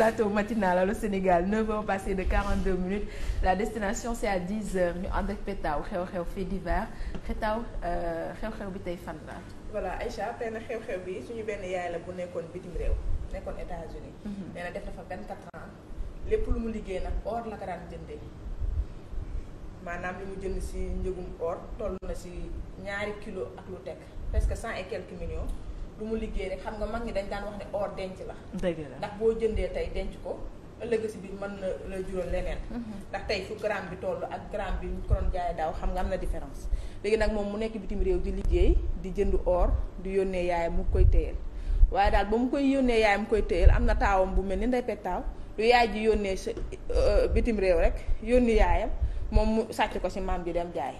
plateau matinal Allô Sénégal 9h passé de 42 minutes la destination c'est à 10h ñu ànd ak Petaaw xew-xew fait divers Petaaw euh, xew-xew bi tey fan la. voilà Aïcha tey na xew-xew bi suñu benn yaay la bu nekkoon bitim réew nekkoon États-Unis mhm. nee na def na fa 24 ans lépp lu mu liggéey nag or la ko daan jëndee maanaam li mu jënd si njëgum or toll na si ñaari kilo ak lu teg presque cent et quelques millions. bu mu liggéey rek xam nga mag ñi dañ daan wax ne or denc la. ndax boo jëndee tey denc ko ëllëg si biir mën na la jural leneen. Mhm. ndax tey fu gramme bi toll ak gramme bi ñu ko doon jaay daaw xam nga am na différence. léegi nag moom mu nekk bitim réew di liggéey di jënd or di yónnee yaayam mu koy téyel waaye daal ba mu koy yónnee yaayam koy téyel am na taawam bu mel ni ndey pettaaw lu yaay ji yónnee sa euh, bitim réew rek yónni yaayam moom mu sàcc ko si maam ji dem jaay.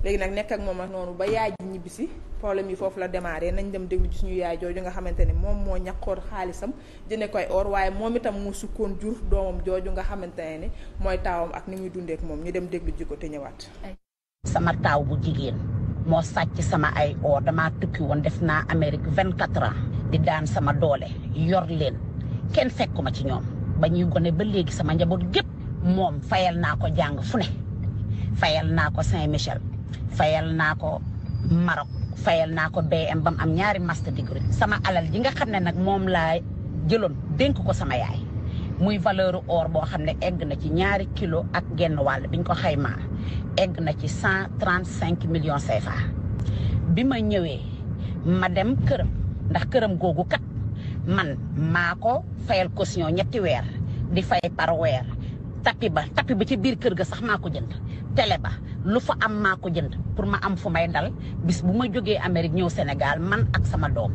léegi nag nekk ak moom ak noonu ba yaay ji ñibbi si problème yi foofu la démarré nañ dem déglu ci suñu yaay jooju nga xamante ni moom moo ñàkkoon xaalisam jëne koy or waaye moom itam mu sukkoon jur doomam jooju nga xamante ne mooy taawam ak ni muy dundeek moom ñu dem déglu ji ko te ñëwaat. sama taaw bu jigéen moo sàcc sama ay or damaa tukki woon def naa Amérique vingt quatre ans di daan sama doole yor leen kenn fekkuma ci ñoom ba ñuy gone ba léegi sama njaboot gépp moom fayal naa ko jàng fu naa ko Saint-Michel. fayal naa ko Maroc fayal naa ko BM ba mu am ñaari master degree sama alal ji nga xam ne nag moom laa jëloon dénk ko sama yaay muy valeur or boo xam ne egg na ci ñaari kilo ak genn wàll biñ ko xaymaa egg na ci cent trente cinq millions CFA. bi ma ñëwee ma dem këram ndax këram googu kat man maa ko fayal caution ñetti weer di fay par weer. tapi ba tapi ba ci biir kër ga sax maa ko jënd tele ba lu fa am maa ko jënd pour ma am fu may dal bis bu ma jógee Amérique ñëw Sénégal man ak sama doom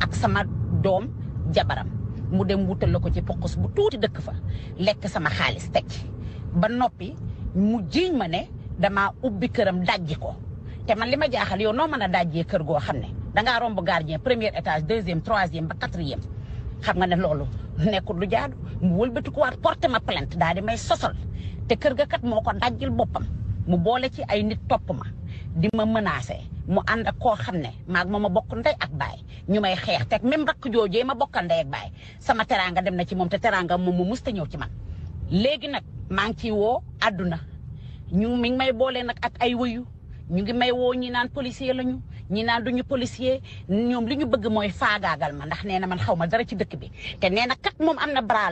ak sama doom jabaram mu dem wutal la ko ci pokos bu tuuti dëkk fa lekk sama xaalis teg ba noppi mu jiiñ ma ne damaa ubbi këram dajji ko te man li ma jaaxal yow noo mën a dajjee kër goo xam ne dangaa romb gardien premier étage deuxième troisième ba quatrième xam nga ne loolu nekkul lu jaadu mu wëlbati ko waat porté ma plainte daal di may sosal te kër ga kat moo ko dajjil boppam mu boole ci ay nit topp ma di ma menacé mu ànd ak koo xam ne maak ma ma bokk ndey ak baay ñu may xeex teg même rakk joojee ma bokkal ndey ak baay sama teraanga dem na ci moom te teraanga moom mu mus ñëw ci man. léegi nag maa ngi ciy woo àdduna ñu mi ngi may boole nag ak ay woyu ñu ngi may woo ñi naan policier lañu ñi naan du ñu policier ñoom li ñu bëgg mooy faagaagal ma ndax nee na man xaw ma dara ci dëkk bi te nee kat moom am na bras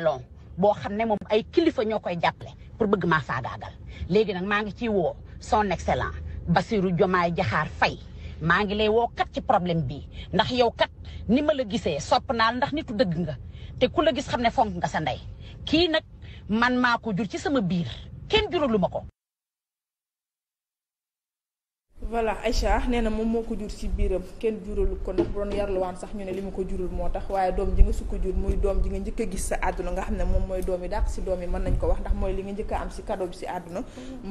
boo xam ne moom ay kilifa ñoo koy jàppale pour bëgg maa faagaagal léegi nag maa ngi ciy woo son excellence Bassirou Diomaye Diakhar fay maa ngi lay woo kat ci problème bi ndax yow kat ni ma la gisee sopp naa ndax nitu dëgg nga te ku la gis xam ne fonk nga sa ndey kii nag man maa ko jur ci sama biir kenn juralu ma ko voilà Aïcha nee na moom moo ko jur ci biiram kenn juralu ko ndax bu doon yarluwaan sax ñu ne li ma ko jurul moo tax waaye doom ji nga sukk jur muy doom ji nga njëkk a gis sa àdduna nga xam ne moom mooy doom yi dàq ci doom yi mën nañ ko wax ndax mooy li nga njëkk am ci cadeau bi ci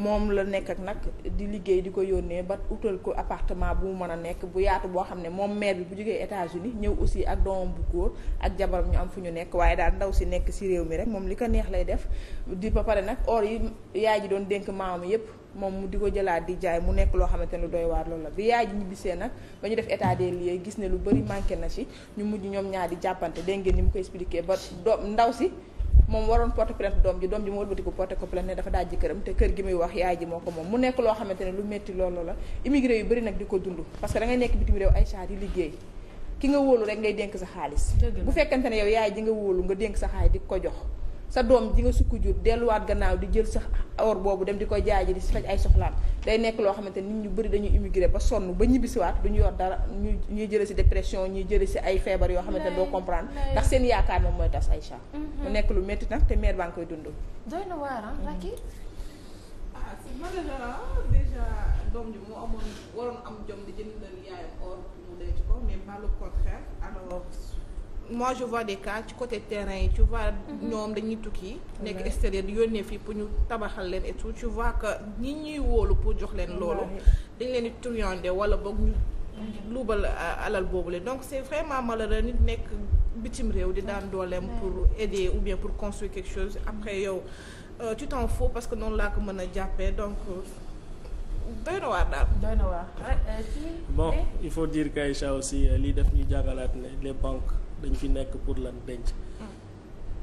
moom la nekk ak nag di liggéey di ko yónnee ba utal ko appartement bu mu mën a nekk bu yaatu boo xam ne moom mère bi bu jógee États-Unis ñëw aussi ak doomam bu góor ak jabaram ñu am fu ñu nekk waaye daal ndaw si nekk ci réew mi rek moom li ko neex lay def di ba pare nag or yi yaay ji doon dénk maam yépp moom mu di ko jëlaat di jaay mu nekk loo xamante ne lu doy waar loolu bi yaay ji ñibbisee nag ba ñu def état des lieux gis ne lu bëri manqué na ci ñu mujj ñoom ñaar di jàppante dégg ngeen ni mu ko expliqué ba ndaw si moom waroon porte plainte doom ji doom ji mu ko porte ko plainte ne dafa daaj te kër gi muy wax yaay ji moo ko nekk loo xamante ne lu métti loolu la yu bëri nag di ko dund parce que da ngay nekk bitim réew ay saa di liggéey ki nga wóolu rek ngay dénk sa xaalis bu fekkante ne yow yaay ji nga wóolu nga dénk sa xaalis di ko jox sa doom ji nga sukk jur delluwaat gannaaw di jël sax or boobu dem di koy jaay ji di si faj ay soxlaam day nekk loo xamante nit ñu bëri dañuy immigré ba sonn ba ñibbisiwaat duñu yor dara ñuy ñuy jëlee si dépression ñuy jëlee si ay feebar yoo xamante ne doo comprendre ndax seen yaakaar moom mooy tas ay chat mm-hmm. mu nekk lu métti te mère baa ngi koy dund doy na waar ah, Racky ah si malheureusement déjà doom ji moo amoon mois je vois des cas ci côté terrain yi tu vois mhm. ñoom dañuy tukki nekk extérieur di yónnee fii pour ñu tabaxal leen et tout tu vois que ñi ñuy wóolu pour jox leen loolu dañ leen di truandé wala boog ñu luubal euh, alal boobu la donc c'est vraiment malheureux nit nekk bitim réew di daan dooleem pour aider ou bien pour construire quelque chose après yow euh, tu t'en fous parce que noonu laa ko mën a jàppee donc euh, doy na waar daal bon eh? il faut dire qu'Aïcha aussi lii def ñuy jàngalaat ne les dañ fi nekk pour lan denc.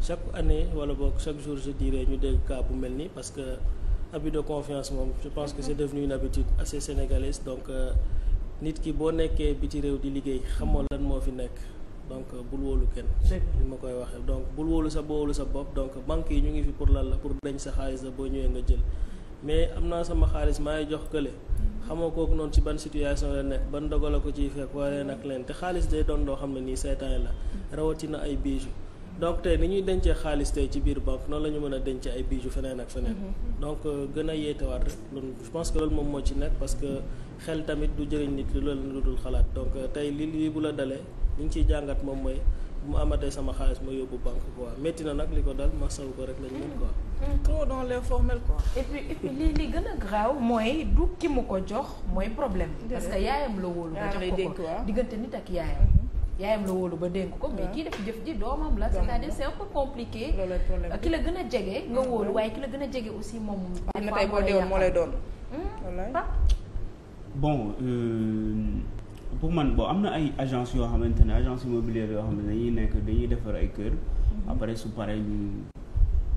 chaque année wala boog chaque jour je dirais ñu dégg cas bu mel ni parce que abus de confiance moom je pense que c' est mm-hmm. devenu une habitude assez sénégalaise donc euh, nit ki boo nekkee biti réew di liggéey xamoo lan moo fi nekk. donc euh, bul woolu kenn li ma koy waxee donc bul woolu sa boolu sa bopp donc banque yi ñu ngi fi pour lan la pour dañ sa xaalis la boo ñëwee nga jël mm-hmm. mais am naa sama xaalis maay jox kële xamoo kooku noonu ci ban situation la nekk ban dogal la ko ciy waaye wala nag leen te xaalis day doon loo xam ne nii seytaane la rawatina ay bijoux donc tey ni ñuy dencee xaalis tey ci biir banque noonu la ñu mën a dencee ay bijoux feneen ak feneen mm-hmm. donc euh, gën a yeetewaat rek loolu loolu moom moo ci nekk parce que xel tamit du jëriñ nit lu loolu lu dul xalaat donc euh, tey li lii bu la dalee li ñu ciy jàngat moom mooy mu amatee sama xaalis ma yóbbu banque quoi métti na nag li ko dal ma saw ko rek lañ trop dans l'informel quoi. et puis et li li gën a graaw mooy du ki mu ko jox mooy problème. parce que yaayam la wóolu. ba jox ko ko diggante nit ak yaayam. Mhm. yaayam la wóolu ba dénk ko. mais kii def jëf ji doomam la. c'est-à-dire c'est un peu compliqué. ki la gën a jege nga wóolu waaye ki la gën a jege aussi moom. am na tey boo deewoon moo lay doon. Hmm? bon euh, pour man bon am na ay agence yoo xamante ne agence immobilière yoo xam na dañuy nekk dañuy defar ay kër. Mhm. après su paree ñu.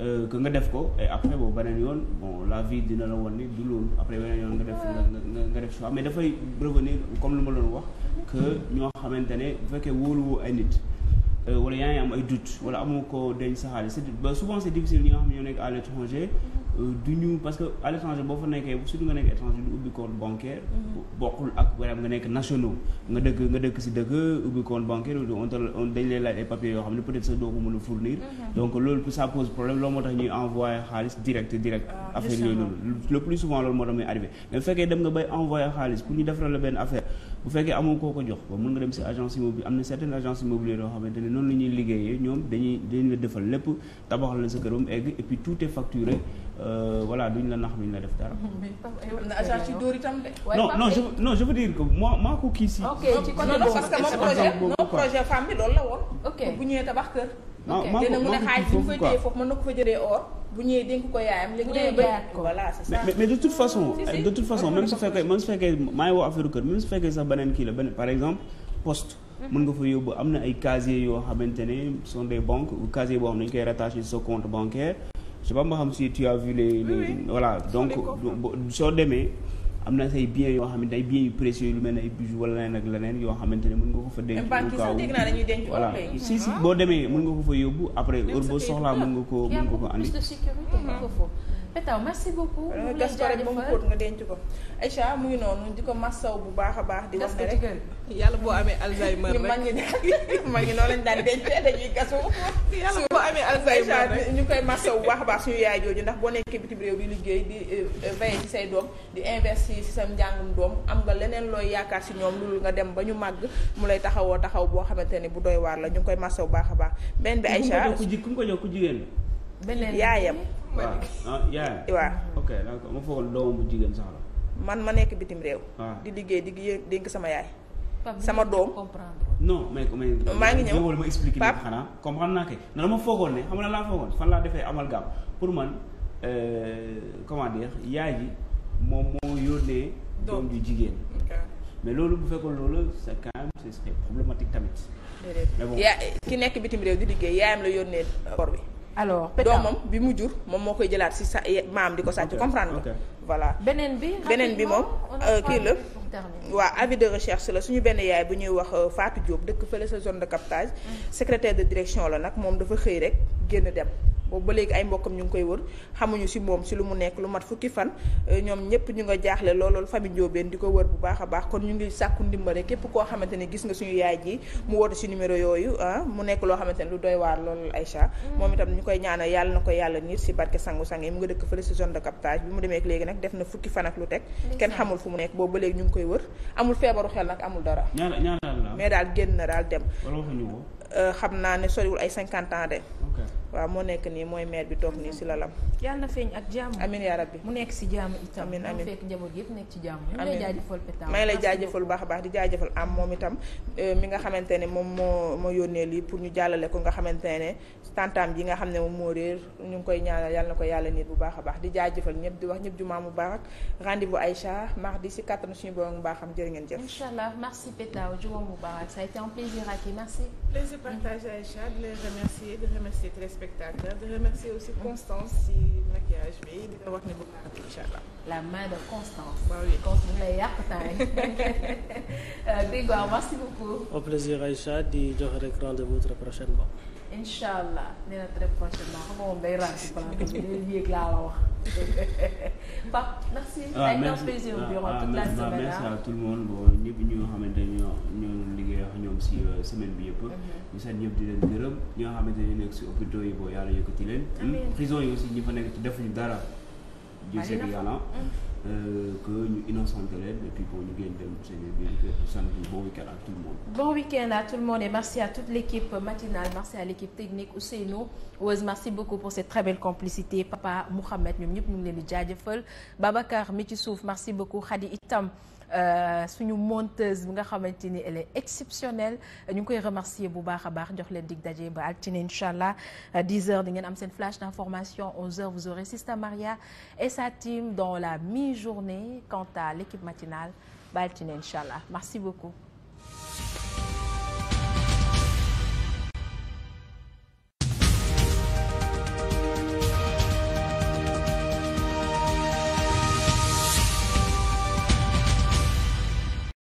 Euh, que nga def ko et après boo beneen yoon bon la vie dina la woon ni du loolu après beneen yoon nga def nga nga def xam ne dafay revenir comme lu ma doon wax que ñoo xamante ne bu fekkee wóoluwoo ay nit euh, wala yaa am ay doute wala amoo ko denc sa xaalis c'est ba souvent c'est difficile xam ne ñoo nekk à l'étranger du ñu parce que à l'étranger boo fa nekkee surtout nga nekk étranger du ubbi compte bancaire. Mm-hmm. bokkul ak maanaam nga nekk nationaux. nga dëkk nga dëkk si dëkk ubbi compte bancaire on dañ lay yoo xam ne peut-être sax doo ko mën a fournir. Mm-hmm. donc loolu ça pose problème loolu moo tax ñuy envoyer xaalis direct ah, yooyu noonu le plus bu ñu defaral la benn affaire bu fekkee amoo koo jox ba mën nga dem si agence immobilière am na certaines agences immobilières yoo la ñuy liggéeyee ñoom dañuy dañu la defal lépp tabaxal la sa këram egg et puis tout est Euh, voilà duñ la nax duñ la def dara. Eh, non no je non je veux dire que moo maa ko kii si. ok ci côté boobu projet mon projet femme loolu la woon. ok bu ñëwee tabax kër. ok dina mën na ko fa jëlee or. bu ñëwee dénk ko yaayam léegi day toute façon. de toute su fekkee même su fekkee maa ngi woo affaire kër même su fekkee sax beneen kii la beneen par exemple post mm-hmm. mën nga fa yóbbu am na ay casiers yoo xamante ne sont des banques casier boo xam ne dañu koy rattaché sa compte bancaire je sais pas ma xam si tu as vu les les oui, voilà donc soo demee am na say biens yoo xamante ay biens yu précieux lu mel ne ay bijoux wala leneen ak leneen yoo xamante ne mën nga ko fa denc voilà si si ah. boo demee mën nga ko fa yóbbu après heure boo soxlaa mën nga ko mën nga ko andi Petaw merci beaucoup. mu ngi lay jaajëfal nga denc ko. Aïcha mu ngi noonu di ko massaw bu baax a baax. di wax ne rek yàlla boo amee Alzheimer rek mag ñi mag ñi noonu lañ daan dencee dañuy gasu. yàlla boo amee Alzheimer rek ñu koy massaw bu baax a baax suñu jooju ndax boo nekkee bitim réew di liggéey di euh, euh, veillé ci say doom di investir ci sa njàngum doom am nga leneen looy yaakaar ci ñoom loolu nga dem ba ñu màgg mu lay taxawoo taxaw boo xamante ne bu doy waar la ñu ngi koy massaw bu baax a baax benn bi Aïcha ku ko jox ku jigéen yaayam waaw ah yaayam waaw ok ma foogoon doomam bu jigéen sax la. man ma nekk bitim réew. Ah. di liggéey di dénk sama yaay. sama doom non mais mais. maa ngi ñëw ma expliqué lépp xanaa comprendre naa kay. na dama foogoon ne xam nga laa foogoon fan laa defee amalgame pour man euh, comment dire yaay ji moom moo yónnee. doom ju jigéen. mais loolu bu fekkoon loolu c'est quand même tamit. mais ki nekk bitim réew di liggéey yaayam la yónnee bor bi. alors doomam bi mu jur moom moo koy jëlaat si sa e, maam di ko sàcc comprendre nga voilà beneen bi beneen bi moom euh, kii la waaw avis de recherche la suñu benn yaay bu ñuy wax euh, Fatou Diop dëkk fële sa zone de captage mm. secrétaire de direction la nag moom dafa xëy rek génn dem boobu ba léegi ay mbokkam ñu ngi koy wër xamuñu si moom si lu mu nekk lu mat fukki fan euh, ñoom ñëpp ñu nga jaaxle looloolu famille Ndiobène di ko wër bu baax a baax kon ñu ngi sàkku ndimbale képp koo xamante ne gis nga suñu yaay ji mu woote si numéro yooyu ah mu nekk loo xamante ne lu doy waar loolu Aïcha mm. moom itam ñu koy ñaanal yàlla na ko yàlla nit si barke sangu-sang yi mu nga dëkk fële si zone de captage bi mu demee léegi nag def na fukki fan ak lu teg kenn xamul fu mu nekk boobu ba léegi ñu ngi koy wër amul feebaru xel nag amul dara mais daal génn na daal dem euh, xam naa ne soriwul ay cinquante ans de waaw moo nekk nii mooy maire bi toog nii si lalam. yàlla na feeñ ak jàmm. amiin yaa rabbi mu nekk si jàmm itam. amiin fekk njaboot yëpp nekk ci jàmm. amiin baax a baax di jaajëfal am moom itam euh, moo moo yónnee pour ñu jàllale ko nga xamante ne tantaam ji nga xam ne moom moo ñu ngi koy ñaanal yàlla na ko yàlla nit bu baax a baax di jaajëfal di wax ñëpp jumaa mu baax ak rendez-vous Aïcha mardi si kattan suñu borom baaxam jërë ngeen jëf. incha allah a téléspectateurs di remercier aussi Constance si maquillage bi di ko wax ne bëgg naa incha allah. la main de Constance. waaw oui Constance lay yàq temps yi. Grégoire merci beaucoup. au plaisir Aïcha di joxe rek rendez-vous très prochainement. incha allah nee na très prochainement xam nga moom day ràññ si plateau bi day yéeg laa la wax Pape merci. waaw merci plaisir la semaine merci ñëpp ñu nga xamante ne ñoo ñoo liggéey ak ñoom si semaine bi yëpp. ñu sant ñëpp di leen gërëm ñi nga xamante ne nekk si hôpitaux yi boo yàlla yëkkati leen. prison yi aussi ñi fa nekk ci defuñu dara. di maa ngi Euh, que ñu innocente leen et puis bon ñu génn dem seen biir kër sant bon week-end à tout le monde. bon week merci à toute l'équipe matinale merci à l'équipe technique Ousseynou Ouez merci beaucoup pour cette très belle complicité papa Mouhamed ñoom ñëpp ñu ngi leen di jaajëfal Babacar mi ci suuf merci beaucoup Khady itam. Euh, suñu monteuse bi nga xamante ni elle est exceptionnelle ñu ngi koy remercier bu baax a baax jox leen dig daje ba altine incha allah 10h di ngeen am seen flash d'information 11h vous aurez Sista Maria et sa team dans la mi-journée quant à l'équipe matinale ba altine incha allah merci beaucoup.